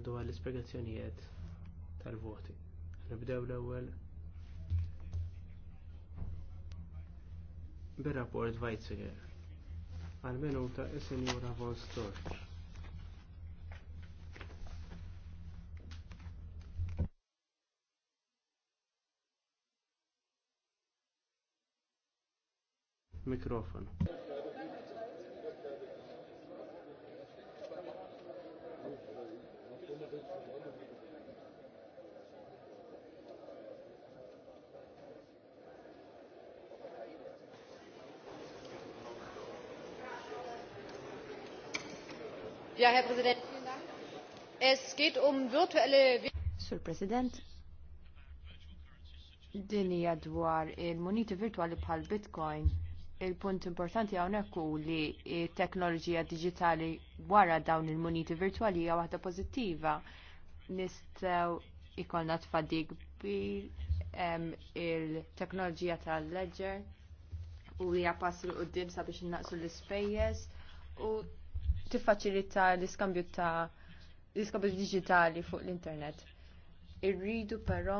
naddu għall ispjegazzjonijiet tal-voti. Nibdew l-ewwel bir-rapport Weizsäcker għal-minuta is-Sinjura Von Storch. Mikrofon. Ja, Herr Präsident. Es geht um virtuelle... Sur President, din hija dwar il-moniti virtuali bħal Bitcoin. Il-punt importanti hawnhekk hu li t-teknoloġija diġitali wara dawn il-moniti virtuali hija waħda pożittiva. Nistgħu ikolna bi kbir il-teknoloġija tal-ledger u hija pass l qoddim sabiex innaqsu l-ispejjeż u tiffaċilita l-iskambju ta' l-iskambju digitali fuq l-internet. Irridu però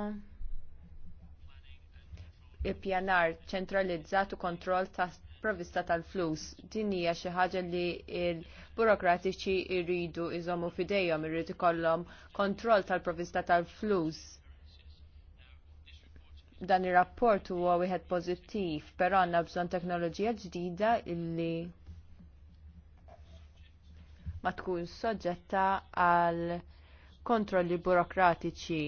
il-pjanar ċentralizzat u kontroll ta' provvista tal-flus. Din hija xi ħaġa li l-burokratiċi jridu iżommu fidejhom, irrid ikollhom kontroll tal-provvista tal-flus. Dan ir-rapport huwa wieħed pożittiv, però għandna bżonn teknoloġija ġdida illi ma tkun soġġetta għal kontrolli burokratiċi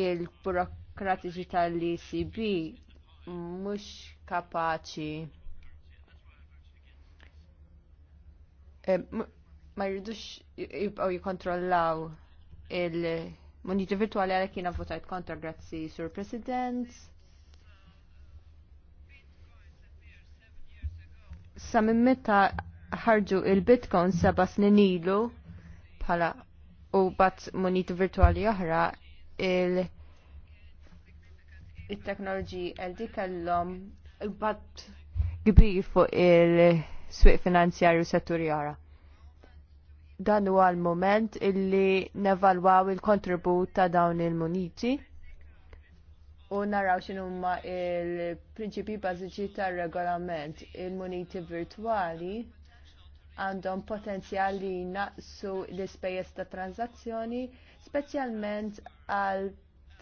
il-burokratiċi tal-ECB mhux kapaċi eh, ma jridux jibqgħu jikkontrollaw il-moniti virtuali għalhekk jiena votajt kontra grazzi sur President. Sa minn meta ħarġu il-Bitcoin seba snin ilu bħala u bat moniti virtuali oħra il il-teknoloġi LD kellhom bat kbir fuq il-swieq finanzjarju setturi oħra. Dan huwa l-moment illi nevalwaw il-kontribut ta' dawn il-muniti u naraw x'in huma il-prinċipi bażiċi tar-regolament il-muniti virtwali għandhom potenzjal li naqsu l-ispejjeż ta' tranzazzjoni, speċjalment għal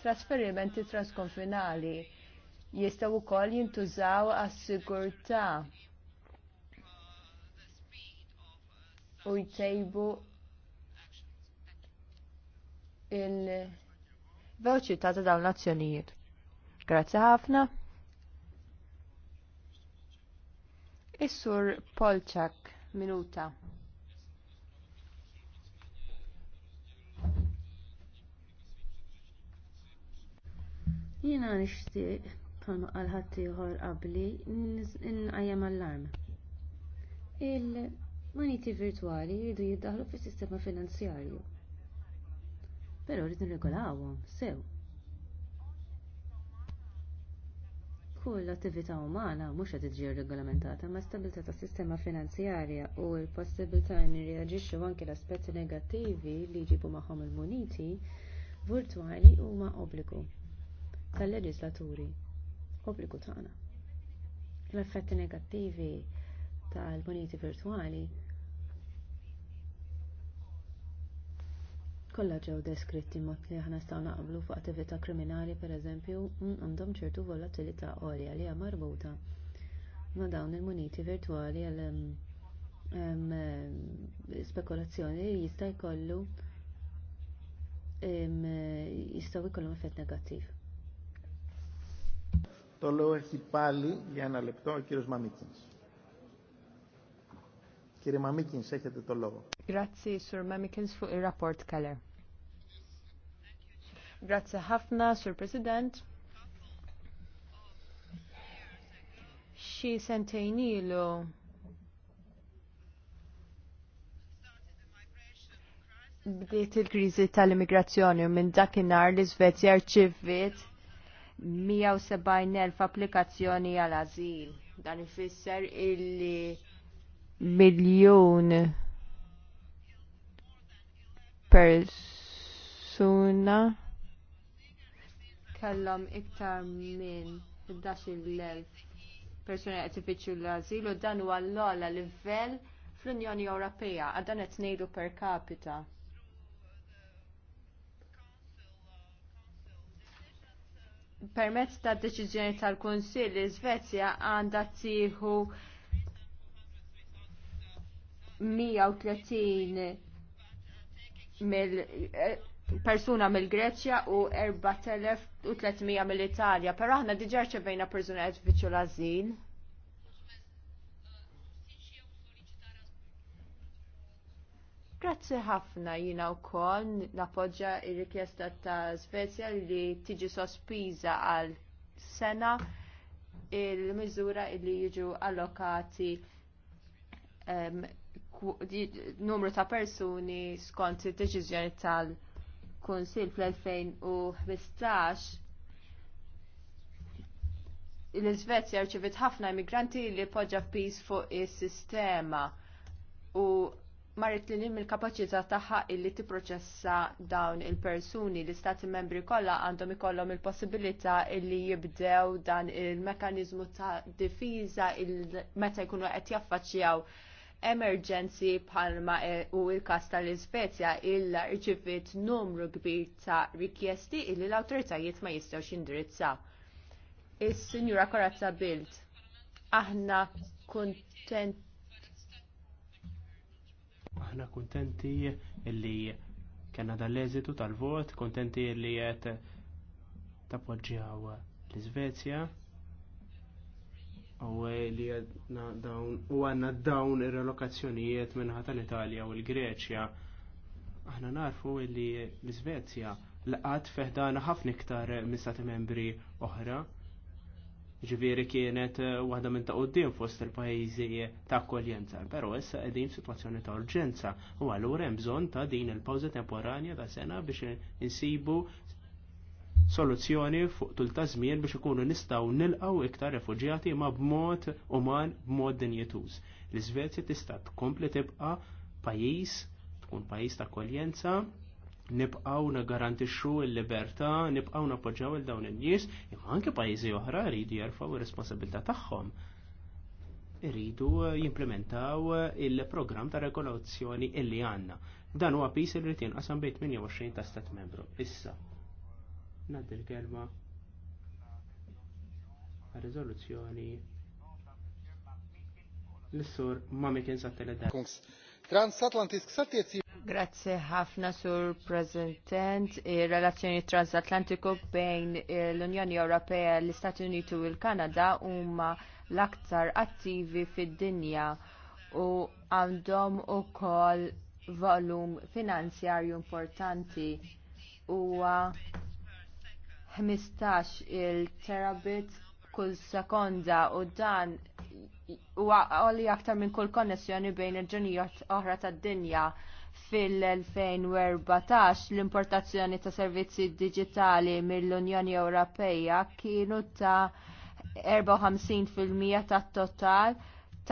trasferimenti transkonfinali. Jistgħu wkoll jintużaw għas-sigurtà u jtejbu il-veloċità ta' dawn l-azzjonijiet. Grazzi ħafna. Is-sur Polczak minuta. Jiena nixtieq bħalma qal ħadd ieħor qabli inqajjem allarm. Il-moniti virtwali jridu jiddaħħlu fis-sistema finanzjarju. Però rridu nregolawhom sew. Kull attività umana mhux qed tiġi regolamentata ma' stabilità tas sistema finanzjarja u l-possibilità nirreaġixxu anke l-aspetti negattivi li jġibu magħhom il-muniti virtwali huma obbligu tal-leġislaturi, obbligu tagħna. L-effetti negattivi tal-muniti virtwali kollha ġew deskritti mod li aħna staw naqblu fuq attività kriminali pereżempju mm, għandhom ċertu volatilità għolja li hija marbuta ma' dawn il-muniti virtwali għal spekulazzjoni li jista' jkollu jistgħu jkollhom effett negattiv. Το λόγο palli, πάλι για ένα λεπτό Κύριε Μαμίκινς, έχετε το Grazzi, Sur Mamikins, fuq il-rapport Keller. Grazzi ħafna, Sur President. Xi sentejn ilu bdiet il-kriżi tal-immigrazzjoni u minn dakinhar li Svezja rċivit 170,000 applikazzjoni għal ażil. Dan ifisser illi miljon persuna kellhom iktar minn 11,000 persuna qed ifittxu l azilu dan huwa l-ogħla livell fl-Unjoni Ewropea għal dan qed ngħidu per capita. Permezz tad deċiżjoni tal-Kunsill, Svezja għandha tieħu 130 mill persuna mill-Greċja u 4300 mill-Italja, pero aħna diġa ċevejna persuna qed fiċu lażin. Grazie Grazzi ħafna jina u kol napoġġa il-rikjesta ta' Svezja li tiġi sospiża għal sena il-miżura li jiġu allokati um, numru ta' persuni skont id-deċiżjoni tal-Kunsil fl-2015 l-Svezja rċivit ħafna immigranti li poġġa f'pis fuq is-sistema u marret li nim il-kapacità tagħha illi tipproċessa dawn il-persuni li stati membri kollha għandhom ikollhom il-possibilità illi jibdew dan il-mekkaniżmu ta' difiża il meta jkunu qed jaffaċċjaw emerġenzi palma e, u il-kas tal-Iżvezja illa rċivit numru kbir ta' rikjesti illi l-autoritajiet ma jistaw xindirizza. Is-Sinjura Korazza Bild, aħna kuntent aħna kuntenti illi kena dal-eżitu tal-vot, kuntenti illi qed tappoġġjaw l-Iżvezja li għadna dawn u għanna dawn ir-relokazzjonijiet minnħata tal italja u l-Greċja. Aħna narfu li l-Svezja laqat feħdana ħafna iktar mistati membri oħra. Ġifieri kienet waħda minn ta' qoddim fost il-pajjiżi ta' akkoljenza, però issa qegħdin f'sitwazzjoni ta' urġenza u allura hemm bżonn ta' din il-pawża temporanja ta' sena biex insibu soluzzjoni fuq tul ta' żmien biex ikunu nistgħu nilqgħu iktar refuġjati ma' b'mod uman b'mod dinjetuż. L-Iżvezja tista' tkompli tibqa' pajjiż, tkun pajjiż ta' kwaljenza, nibqgħu nagarantixxu l-libertà, nibqgħu nappoġġjaw il dawn in-nies, imma anke pajjiżi oħra jridu jerfgħu ir-responsabilità tagħhom. Iridu jimplementaw il-programm ta' regolazzjoni illi għandna. Dan huwa pis irrid jinqasam bejn 28 ta' stat membru. Issa, Naddi l-kelma rezoluzzjoni l-sur ma mikin Transatlantisk Grazie ħafna sur President. Il-relazzjoni transatlantiku bejn l-Unjoni Ewropea, l-Istati Uniti u l-Kanada huma l-aktar attivi fid-dinja u għandhom ukoll volum finanzjarju importanti huwa 15 il-terabit kull sekonda u dan huwa għolli aktar minn kull konnessjoni bejn il-ġunijiet oħra tad-dinja fil-2014 l-importazzjoni ta' servizzi digitali mill-Unjoni Ewropea kienu ta' 54% tat total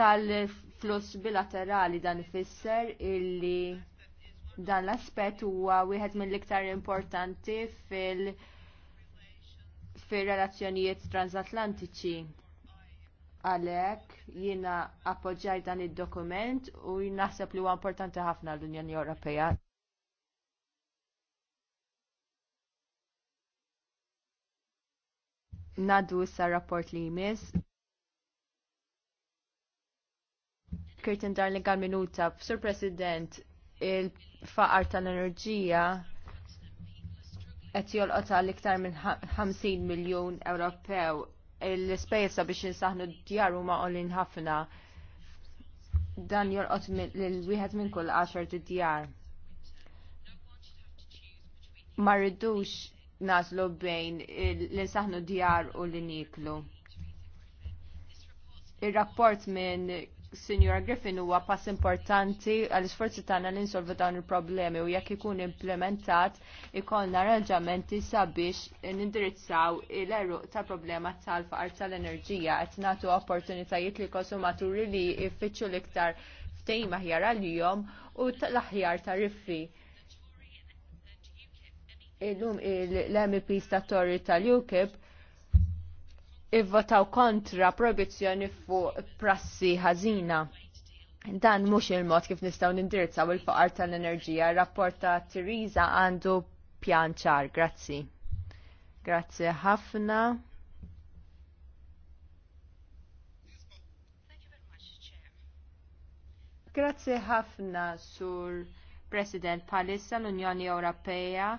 tal-fluss bilaterali dan ifisser illi dan l-aspett huwa wieħed mill-iktar importanti fil- fir-relazzjonijiet transatlantiċi. Għalhekk jiena appoġġjaj dan id-dokument u naħseb li huwa importanti ħafna l-Unjoni Ewropea. Nadu issa rapport li jmiss. Kirtin dar li għal minuta, Sur President, il-faqar tal-enerġija qed jolqota l iktar minn 50 miljun Ewropew. L-ispejjeż biex nsaħnu d-djar huma qolin ħafna. Dan jolqot lil wieħed minn kull 10 djar. Ma rridux naslu bejn l-insaħnu djar u l-iniklu. Il-rapport minn Signora Griffin huwa pass importanti għall isforzi tagħna li ninsolvu dawn il-problemi u jekk ikun implementat ikollna arranġamenti sabiex nindirizzaw l-eruq tal-problema tal-faqar tal-enerġija qed nagħtu opportunitajiet li konsumaturi li jfittxu l-iktar ftejma ħjar għal-jom u l-aħjar tariffi. Illum l ta' Torri tal-UKIP ivvotaw kontra proibizzjoni fuq prassi ħażina. Dan mhux il-mod kif nistgħu nindirizzaw il-faqar tal-enerġija. rapporta Teresa għandu pjan ċar. Grazzi. Grazzi ħafna. Grazzi ħafna sur President Palissa l-Unjoni Ewropea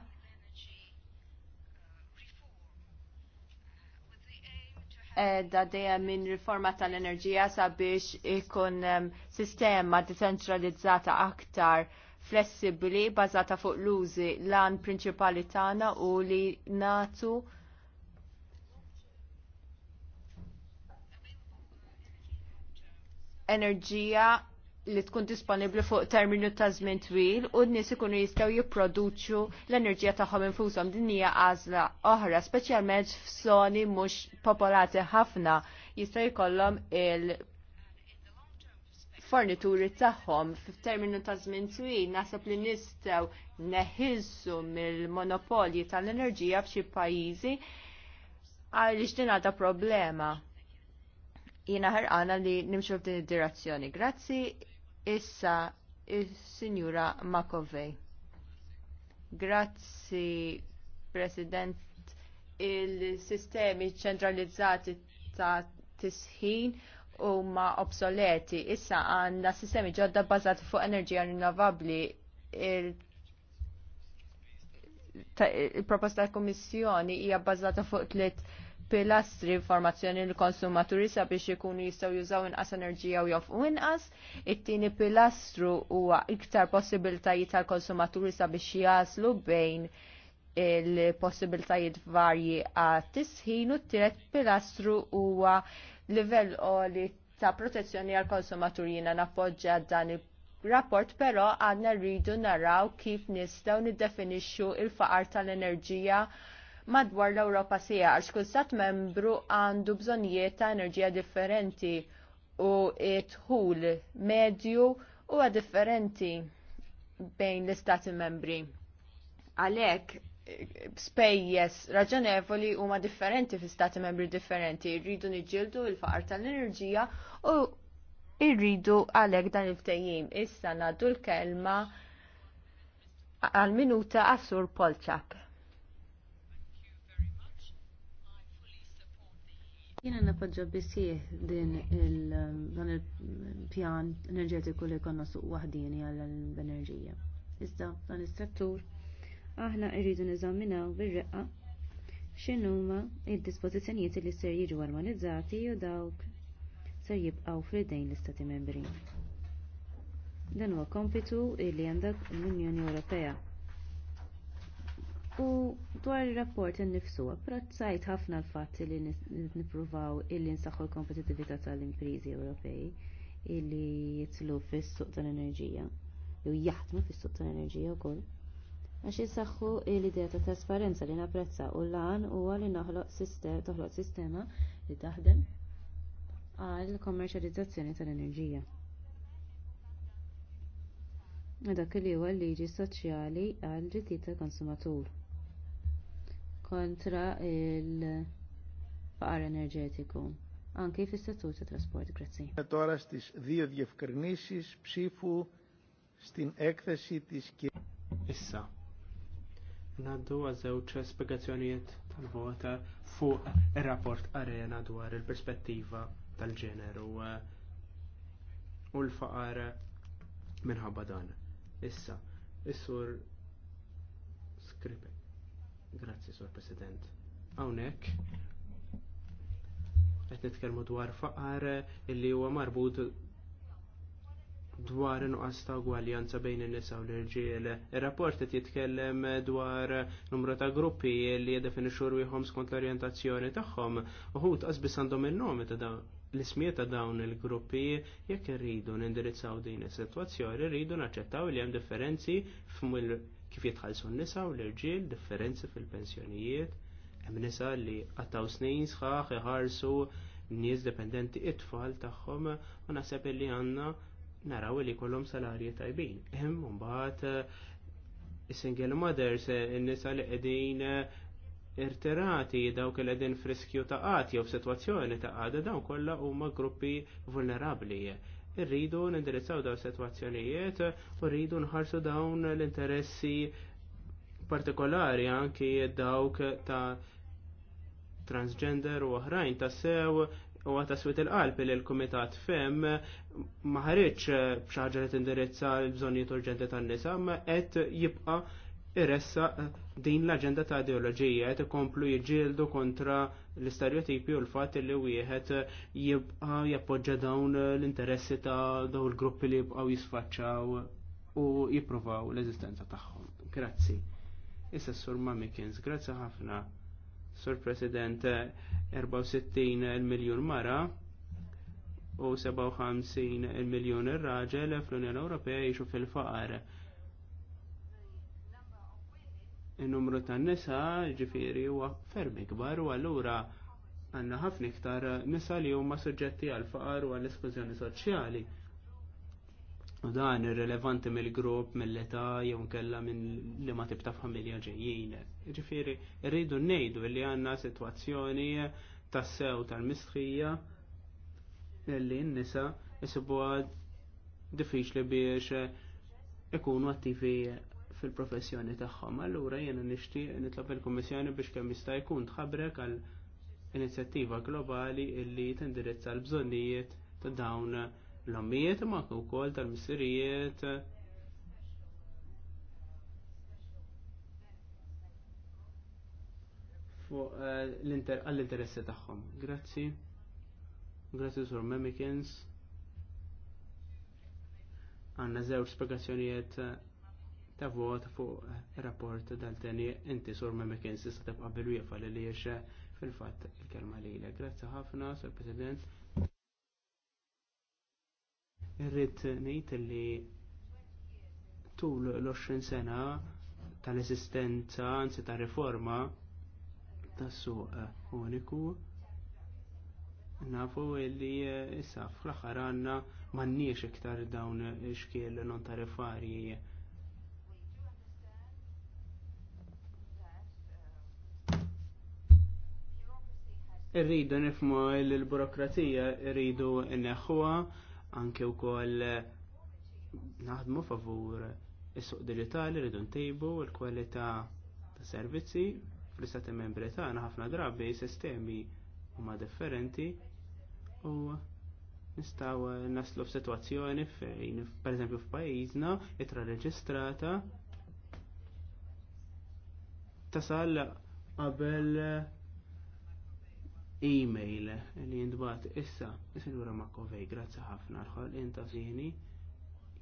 da dejjem minn riforma tal-enerġija sabiex ikun sistema decentralizzata aktar flessibli bażata fuq l-użi lan prinċipali tagħna u li natu enerġija li tkun disponibli fuq terminu ta' żmien twil u n-nies ikunu jistgħu jipproduċu l-enerġija tagħhom infushom din hija għażla oħra, speċjalment f'żoni mhux popolati ħafna jista' jkollhom il fornituri tagħhom f'terminu ta' żmien twil naħseb li nistgħu neħilsu mill-monopolji tal-enerġija f'xi pajjiżi għaliex din għadha problema. Jiena ħerqana li nimxu f'din id-direzzjoni. Grazzi Issa il sinjura Makovej. Grazzi, President. Il-sistemi ċentralizzati ta' tisħin huma obsoleti. Issa għandna sistemi ġodda bazzati fuq enerġija rinnovabbli il-proposta tal-Kummissjoni hija bbażata fuq tliet pilastri informazzjoni l-konsumaturi sabiex ikunu jistaw jużaw inqas enerġija u jofqu inqas. It-tieni pilastru huwa iktar possibiltajiet tal-konsumaturi sabiex jaslu bejn il-possibiltajiet varji għat tisħin u t-tielet pilastru huwa livell oli ta' protezzjoni għal-konsumaturi jiena nappoġġja dan il rapport però għadna rridu naraw kif nistgħu niddefinixxu il-faqar tal-enerġija madwar l-Ewropa sija għax kull stat membru għandu bżonnijiet ta' enerġija differenti u tħul medju huwa differenti bejn l-istati membri. Għalhekk spejjes raġonevoli huma differenti fi stati membri differenti, rridu niġġieldu l-faqar tal-enerġija u irridu għalhekk dan il-ftejjim. Issa naddu l-kelma għal-minuta għasur Polċak. Jiena napoġġa bisih din dan il-pjan enerġetiku li konna suq waħdini għall enerġija Iżda dan is-settur aħna rridu niżaminaw bir-reqqa x'inhuma d-dispożizzjonijiet li ser jiġu armonizzati u dawk ser jibqgħu fl-idejn l-Istati Membri. Dan huwa kompitu li għandha l-Unjoni Ewropea U dwar ir rapport innifsu, apprezzajt ħafna l-fatti li nippruvaw illi nsaħħu l-kompetitività tal-imprizi Ewropej illi jitlu fis-suq tal-enerġija jew jaħdmu fis-suq tal-enerġija wkoll. Għax jisaxħu l-idea ta' trasparenza li napprezza u l-għan huwa li naħloq toħloq sistema li taħdem għal kommerċjalizzazzjoni tal-enerġija. huwa l-liġi soċjali għal ġittijiet tal-konsumatur kontra il-faqar enerġetiku anki fis-settur tat trasport. Grazzi. Τώρα στις δύο psifu stin στην tis της Issa. Naddu għazewċ spiegazzjonijiet tal-vota fuq il-rapport arena dwar il-perspettiva tal-ġeneru eh, u l-faqar minħabba dan. Issa, issur Skripek. Grazzi, Sur President. Hawnhekk qed nitkellmu dwar faqar illi huwa marbut dwar nuqqas ta' gwaljanza bejn in-nisa u l-irġiel. Ir-rapport qed jitkellem dwar numru ta' gruppi li jiddefinixxu rwieħhom skont l-orjentazzjoni tagħhom. Uħud qasbis għandhom in-nomi ta' dawn l-ismiet ta' dawn il-gruppi jekk irridu nindirizzaw din is-sitwazzjoni rridu naċċettaw li hemm differenzi f'mill kif jitħallsu n-nisa u l-irġiel differenzi fil-pensjonijiet, hemm nisa li għattaw snin sħaħ iħarsu nies dependenti it-tfal tagħhom u naħseb li għandna naraw li kollhom salarji tajbin. Hemm mbagħad is-single eh, mothers in-nisa eh, li qegħdin eh, irterati dawk li qegħdin friskju ta' għati jew f'sitwazzjoni ta' daw dawn kollha huma gruppi vulnerabbli Irridu nindirizzaw daw situazzjonijiet u rridu nħarsu dawn l-interessi partikolari anki dawk ta' transgender u oħrajn ta' sew u għata swit il-qalb li l-komitat fem maħarriċ bxaġa li tindirizza l-bżonijiet urġenti tan-nisa, ma qed jibqa' irressa eh, din l-agenda ta' ideoloġija qed ikomplu jiġġieldu kontra l-istereotipi u l-fatt li wieħed eh, jibqa' jappoġġa dawn eh, l-interessi ta' dawn il-gruppi li jibqgħu jisfaċċaw u jippruvaw l-eżistenza tagħhom. Grazzi. Issa Sur Mamikins, grazzi ħafna. Sur President 64 miljun miljon mara u 57 il-miljon ir-raġel fl-Unjoni Ewropea jgħixu fil-faqar il-numru ta' nisa ġifiri huwa ferm ikbar u allura għanna ħafna iktar nisa li huma suġġetti għal faqar u għall esklużjoni soċjali. U dan irrelevanti mill-grupp, mill-età, jew kella minn li ma tibta familja ġejjin. Ġifiri, rridu ngħidu li għandna sitwazzjoni tas-sew tal-mistħija li n-nisa għad diffiċli biex ikunu attivi fil-professjoni tagħhom. Allura jiena nixtieq nitlob il-Kummissjoni biex kemm jista' jkun tħabbrek għal inizjattiva globali illi tindirizza l-bżonnijiet ta' dawn l-ommijiet ma' wkoll tal-missirijiet fuq eh, għall interessi tagħhom. Grazzi. Grazzi sur Memikins. Għanna zewġ spiegazzjonijiet eh, ta' vot fuq rapport dal-teni inti sur ma' McKinsey sista tabqa' bil-wiefa li liexe fil-fatt il-kelma lejla. Grazzi ħafna, Sur President. Irrid ngħid li tul l-20 sena tal-esistenza, anzi ta' riforma tas-suq uniku nafu li issa fl-aħħar għandna m'għandniex iktar dawn ix-xkiel non tariffarji Irridu nifmu l burokratija irridu neħħuha anke wkoll naħdmu favur is-suq digitali, rridu ntejbu l-kwalità ta' servizzi fl-istati membri tagħna ħafna drabi sistemi huma differenti u nistgħu naslu f'sitwazzjoni fejn pereżempju f'pajjiżna itra reġistrata tasal qabel email li jindbat issa, Sinjura Makovej, grazzi ħafna l inta zini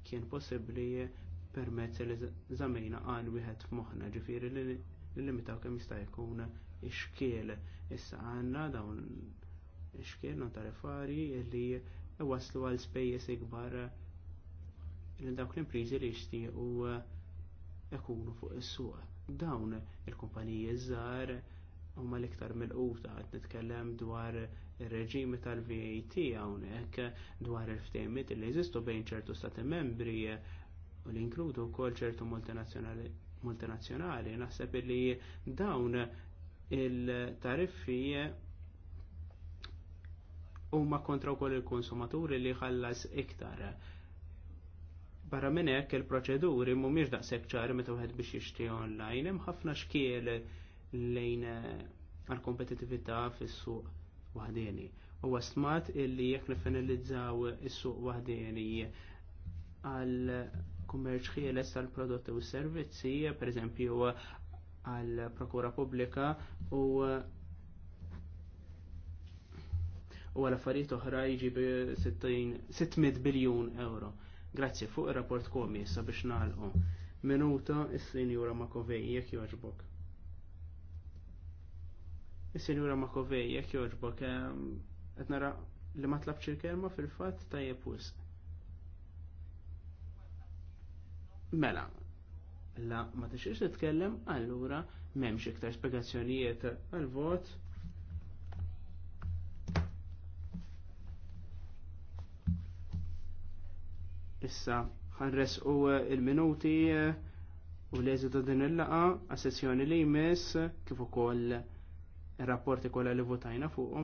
kien possibbli permezz li zamejna għan wieħed f'moħħna ġifieri li limitaw kemm jista' jkun ixkiel issa għandna dawn xkiel non tarifari li waslu għal spejjes ikbar li dawk l-imprizi li jixtiequ ikunu fuq is-suq. Dawn il-kumpaniji żgħar huma l-iktar mill-quta qed nitkellem dwar ir-reġimi tal-VAT hawnhekk dwar il-ftehimiet li jeżistu bejn ċertu stati membri u li inkludu wkoll ċertu multinazzjonali naħseb li dawn il-tariffi huma kontra wkoll il-konsumaturi li ħallas iktar. Barra minn hekk il-proċeduri mhumiex daqshekk ċari meta wieħed biex jixtri online, hemm ħafna xkiel lejn eh, għal-kompetitività fis-suq waħdieni. U wasmat illi jekk nifinalizzaw is-suq waħdieni għal kummerċ ħieles tal prodotti u servizzi, per eżempju għal prokura pubblika u u għal affarijiet oħra bi 600 biljun euro. Grazzi fuq ir-rapport komi sabiex nagħlqu. Minuta is-Sinjura Makovej jekk jogħġbok. Is-Sinjura Makovej, jek joġbok, ehm, qed nara li ma tlabx il-kelma fil-fatt tajjeb jepus. Mela, la ma tixiex kellem allura m'hemmx iktar spiegazzjonijiet għal-vot. Issa ħanres eh, eh, u il-minuti u l-eżitu din il laqgħa għas-sessjoni li jmiss kif ukoll rapporti kolla li votajna fuqhom.